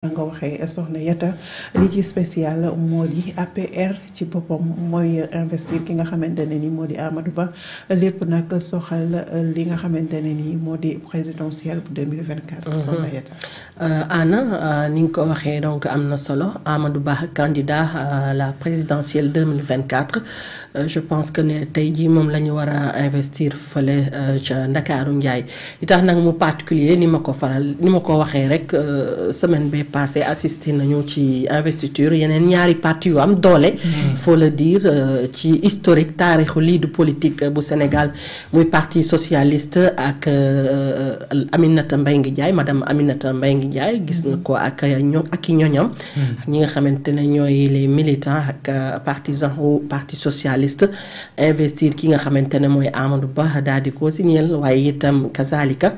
nga waxee soxna Yata li ci spécial moo APR ci boppam moy investir ki nga xamante ne ni moo Amadou Ba lepp nak soxal li nga xamante ne ni moo présidentiel 2024. Mhm. soxna Yata. Euh, Anna euh, ni nga donc amna solo Amadou Ba candidat euh, à la présidentielle 2024 je pense que ne tey jii moom la investir fële ca Ndakaaru Ndiaye li nak mu particulier ni ma ko faral ni ma ko waxee rek semaine passé assisté nañu ci investiture yeneen ñaari parti yu am doole il mm. faut le euh, ci historique taarixu lii du politique bu Sénégal muy parti socialiste ak euh, Aminata Mbengue Ndiaye madame Aminata ngi jaay gis na mm. ko ak ak i ñoñam mm. ñi nga xamante ne ñooy les militants ak euh, partisans au parti socialiste investir ki nga xamante ne mooy Amadou Ba daal di ko signeel waaye itam kazalika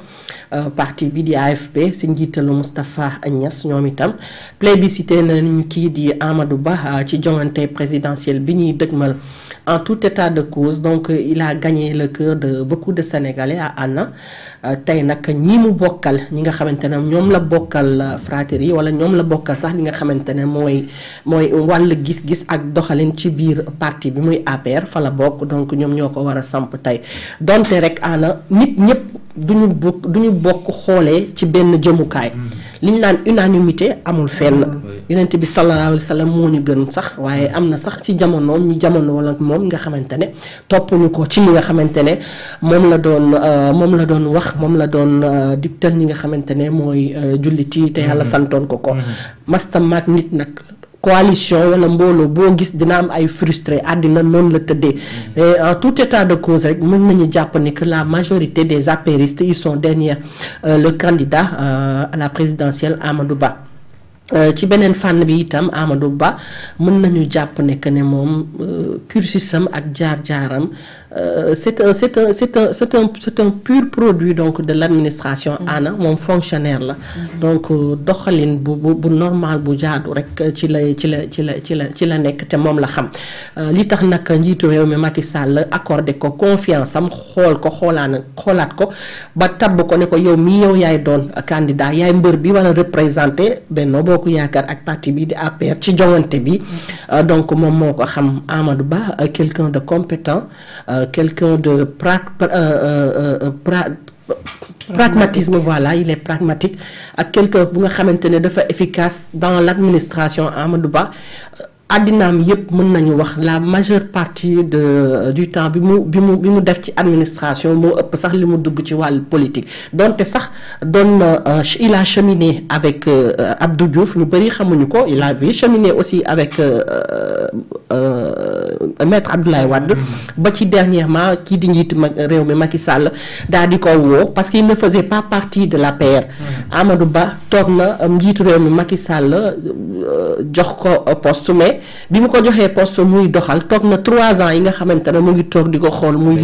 parti bi di AFP si njiitalu Moustapha Niass ñoom itam plébiscité nañu ki di Amadou Ba euh, ci joŋante présidentiel bi ñi dëgmal en tout état de cause donc il a gagné le cœur de beaucoup de Sénégalais à Anna euh, tay nak ñi mu bokal ñi nga xamantene ñom la bokal euh, fratrie wala ñom la bokal sax li nga xamantene moy moy mooy gis-gis ak doxalin ci biir parti bi muy APR fa la bok donc ñom ñoko wara samp tay donté rek ana nit ñep duñu bokk duñu bokk xolé ci benn jëmukaay hmm. li ñu naan unanimité amul fenn mm. yonent bi sallallahu alayhi moo ñu gën sax waaye am na sax ci jamono ñu jamono wala moom nga xamante ne topp ñu ko ci li nga xamante ne moom la doon euh, moom la doon wax moom la doon euh, digtal ñi nga xamante ne mooy euh, jullit yi te yàlla mm. santoon ko ko mm. masta maag nit nag coalition wala mbolo bo gis dina am ay frustré adina non la teudé mais en tout état de cause rek mën nañu jàpp que la majorité des apéristes ils sont derrière euh, le candidat euh, à la présidentielle Amadou Ba euh, ci benen fan bi itam Amadou Ba mën nañu j'app ne que ne mom euh, cursusam ak jaar-jaaram euh, c'est un c'est un c'est un c'est un pur produit donc de l'administration mm. ana mom fonctionnaire la mm. donc doxalin bu bu normal bu jaadu rek ci la ci la ci la ci la ci nekk te mom la xam li tax nak njiitu rew mi Macky Sall accordé ko confiance am xol ko xolana xolat ko ba tab ko ne ko yow mi yow yay doon candidat yay mbeur bi wala représenter Benno Bokk Bokk yaakar ak parti bi di APR ci bi mm-hmm. euh, donc mon moko xam Amadou Ba euh, quelqu'un de compétent euh, quelqu'un de pragmatisme voilà il est pragmatique ak quelqu'un bu nga xamantene faire dafa efficace dans l'administration Amadou Ba àddinaam yëpp mën nañu wax la majeure partie de euh, du temps bi mu bi mu bi mu def ci administration moo ëpp sax li mu dugg ci wàllu politique donte sax doon euh, il a cheminé avec euh, Abdou Diouf ñu bëri xamuñu ko il a cheminé aussi avec. Euh, maître Abdoulaye Wade ba ci dernièrement qui di njiitu réew Macky Sall daal di ko wo parce qu'il ne faisait pas partie de paire Amadou Ba torna na euh, njiitu Macky Sall euh, jox ko poste mais bi mu ko joxe poste muy doxal torna 3 trois ans yi nga xamantene ne mu ngi toog di muy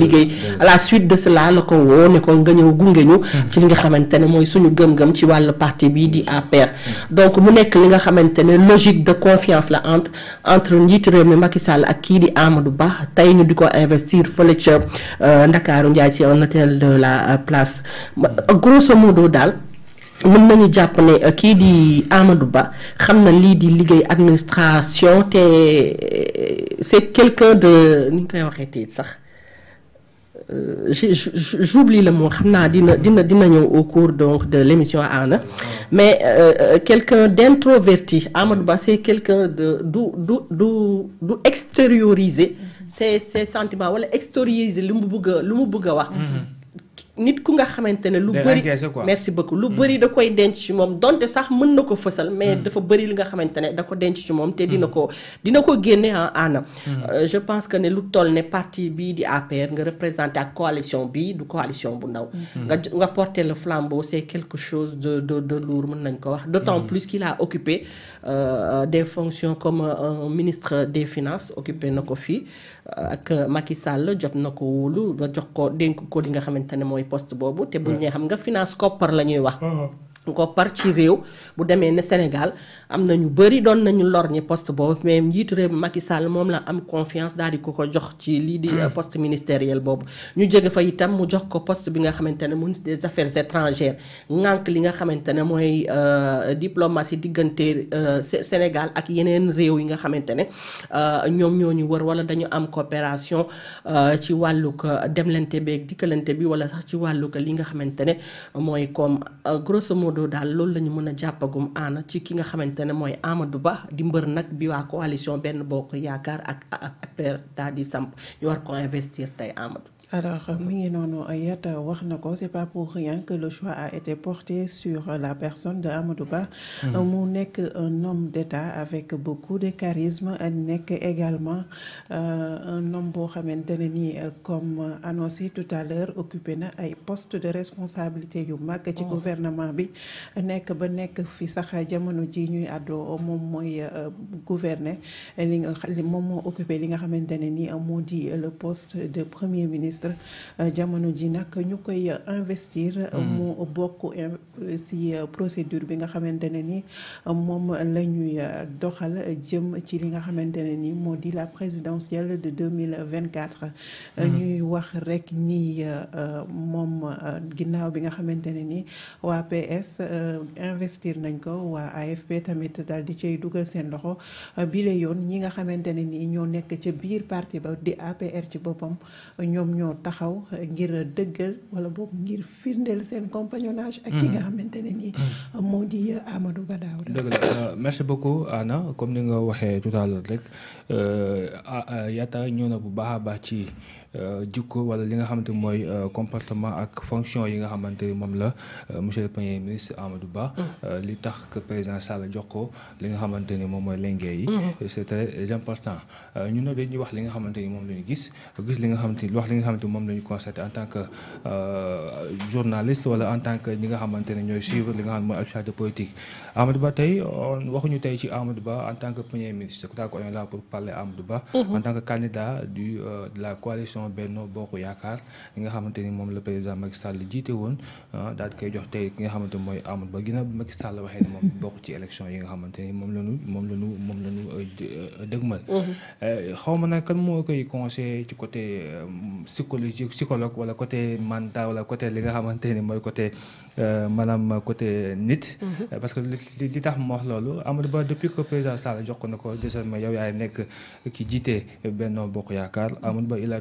à la suite de cela le ko wo ne ko nga ñëw gunge ñu ci li nga xamantene moy suñu gëm-gëm ci wal parti bi di APR donc mu nek li nga xamantene logique de confiance la entre entre njiitu réew Macky Sall ak di Amadou Ba tey ñu di ko investir fële ca euh, Ndakaaru Ndiaye ci un hôtel de la euh, place euh, grosso daal mën nañu jàpp ne kii di Amadou Ba xam na lii di liggéey administration te c'est quelqu'un de ni ñu koy waxee sax. Euh, j'oublie le mot xamna dina dina dina au cours donc de l'émission Anna mais euh, euh, quelqu'un d'introverti Ahmed Ba c'est quelqu'un de du du du du extérioriser ses ses sentiments wala extérioriser lu mu bëgg lu bëgg wax mm-hmm nit ku nga xamantene lu bëri merci beaucoup lu mm. bëri da koy denc ci mom donte sax mën na ko mais mm. dafa bëri li nga xamantene da ko denc ci mom te dina mm. ko dina ko génne en hein, ana euh, je pense que ne lu toll ne parti bi di APR nga représenté ak coalition bi du coalition bu ndaw nga nga porter le flambeau c'est quelque chose de de de lourd mën nañ ko wax d'autant plus qu'il a occupé euh, des fonctions comme euh, ministre des finances occupé nako fi ak Macky Sall jot nako wulu do jox ko dénk ko li nga xamantene moy poste boobu te buñ ne xam nga finance koppar la ñuy wax uh-huh. koppar ci réew bu demee ne Sénégal am na ñu bëri doon nañu lor poste boobu mais njiitu réew Macky Sall moom la am confiance daal di ko ko jox ci lii di hmm. poste ministériel bob ñu jóge fa itam mu jox ko poste bi nga xamante ministre des affaires étrangères ngànk li nga xamante ne mooy euh, diplomatie diggante euh, Sénégal ak yeneen réew yi nga xamante ne euh, ñoom ñoo ñu wër wala dañu am coopération ci dem demlante beeg dikkalante bi wala sax ci wàllug li nga xamante ne mooy comme grosso modo gàndoo daal loolu la ñu mën a jàppagum aana ci ki nga xamante ne mooy Amadou Ba di mbër nag bi waa coalition benn bokk yaakaar ak ak APR daal di samp ñu war ko investir tey Amadou. Alors, ce euh, n'est euh, c'est pas pour rien que le choix a été porté sur euh, la personne de Amadouba. Mounek, mm. un homme d'État avec beaucoup de charisme, Nek également un homme comme annoncé tout à l'heure, occupé un poste de responsabilité yu mag ci oh. gouvernement bi. Nek ba nek fi sax jamono ji ñuy addo mom moy gouverner li occupé li nga ni le poste de premier ministre ministre euh, jamono ji nak ñukoy investir. mo mm. bokk si euh, procédure bi nga xamantene ni euh, mom lañuy doxal jëm ci li nga xamantene ni modi la présidentielle de 2024. mille vingt quatre. Mm. ñuy wax rek ni mom ginnaw bi nga xamantene ni wa PS investir nañ ko wa AFP tamit dal di cey duggal seen loxo bile yoon ñi nga xamantene ni ñoo nekk ci biir parti ba di APR ci bopam ñom mënoo taxaw ngir dëggal wala boog ngir firndeel seen compagnonnage ak ki mm-hmm. nga xamante ne nii mm-hmm. moo di Amadou Badaw. dëgg la euh, merci beaucoup Anna comme ni nga waxee tout à l' heure rek euh, yaatal ñëw na bu baax a baax ci. Euh, jikko wala li nga euh, comportement ak fonction la euh, monsieur le premier ministre Amadou Ba. Mm. li tax que président Sall li nga mm-hmm. c'est très important ñu wax li nga xamante ni gis gis li nga wax li nga en tant que journaliste wala en tant que ñi nga xamante suivre politique en tant que premier ministre je pour parler Amadou mm-hmm. en tant que candidat du de la coalition. coalition Benno Bokk Yaakaar li nga ni moom la président Macky Sall jiite woon ah, daal di koy jox tey ki nga xamante mooy Amadou Ba ginnaaw Macky Sall waxee ne moom bokk ci élection yi nga xamante ni moom la ñu moom la ñu moom la euh, euh, mhm. euh, ma nag kan moo koy conseillé ci côté psychologique psychologue wala côté mental wala côté li nga xamante ni mooy côté maanaam côté nit. Mhm. parce que li tax mu wax loolu Amadou Ba depuis que président Sall jox ko na ko désormais yow yaay nekk ki jiite Benno Bokk Yaakaar Amadou Ba il a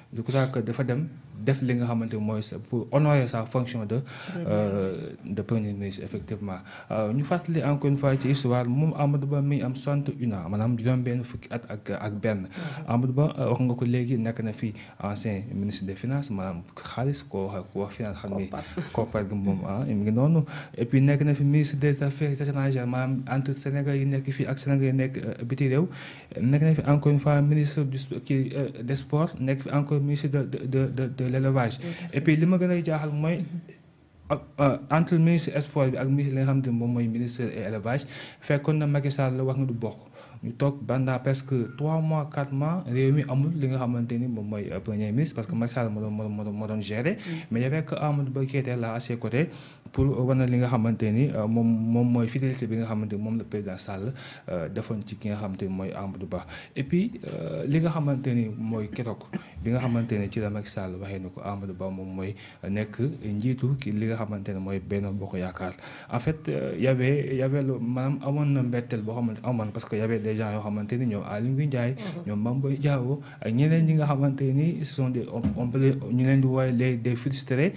je crois que dafa dem pour honorer sa fonction de euh, de premier ministre effectivement euh, ñu fàttali encore une fois ci histoire Amadou ans ak ak Amadou ancien ministre des finances finance xam et puis nekk na fi ministre des affaires étrangères entre Sénégal yi nekk Sénégal yi euh, encore une ministre des sports encore ministre de de de l'élevage et puis mhm. euh, euh, le je entre ministre ministre ministre et élevage fait Macky Sall du presque trois mois quatre mois euh, premier ministre parce que Macky Sall de l'élevage y avait que là à ses côtés pour wana li nga xamante ni euh, mom moom mooy fidélité bi nga xamante mom le président Sall euh defoon ci ki nga xamante moy Amadou Ba et puis euh, li nga xamante ni mooy keroog bi nga xamante ni ci la Macky Sall waxé nako Amadou Ba mom moy nek njitu ki li nga xamante ne mooy Benno Bokk yakar en fait euh, y avait y avait le manam amone mbettel bo xamante amone parce que y avait des gens yo xamante ni ñoom Aly Ngouille Ndiaye mhm. ñoom Mame Boye ak ñeneen ñi nga xamante ni ce sont des on peut ñu leen di woy les des frustrés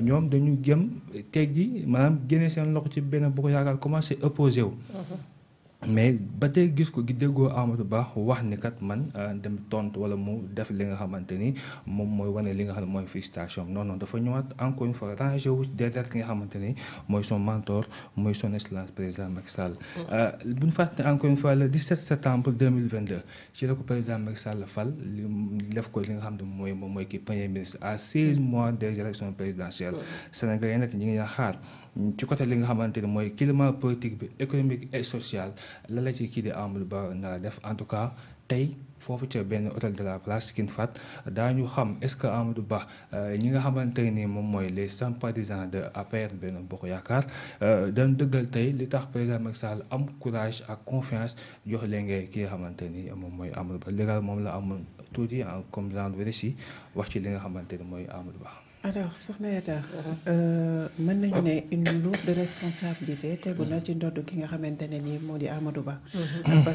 ñom dañu gem teg gi maanaam génne seen loxo ci benn bokk commencé opposé wu. Mhm. mais ba tey gis ko gi déggoo Amadou Ba wax ni kat man euh, dem tontu wala mu def li nga xamante ni moom mooy wane li nga xam ne mooy félicitation noon non dafa ñëwaat encore une fois rangé wu derrière ki nga xamante ni mooy son mentor mooy son excellence président Macky Sall. Euh, bu ñu fàttali encore une fois le 17 septembre 2022 ci la ko président Macky Sall fal def ko li nga xam ne mooy moom mooy kii premier ministre à 16 mois des élections présidentielles sénégalais nag ñi ngi xaar. ci côté li nga xamante ni mooy climat politique bi économique et social la la ci kii di Amadou Ba na def en tout cas tey foofu ca benn hôtel de la place King Fahd daañu xam est-ce que Amadou Ba euh, ñi nga xamante ni moom mooy les sympathisants de APR benn Bokk Yaakaar euh, dañ dëggal tey li tax président Macky Sall am courage ak confiance jox leen ngay ki nga xamante ni moom mooy amul Ba légal moom la amoon tuuti comme genre récit wax ci li nga xamante ni mooy Amadou Ba. alors soxna Yatta euh, mën nañu ne une lourde responsabilité tegu na ci ndodd ki nga xamante ne nii moo di Amadou Ba mhm.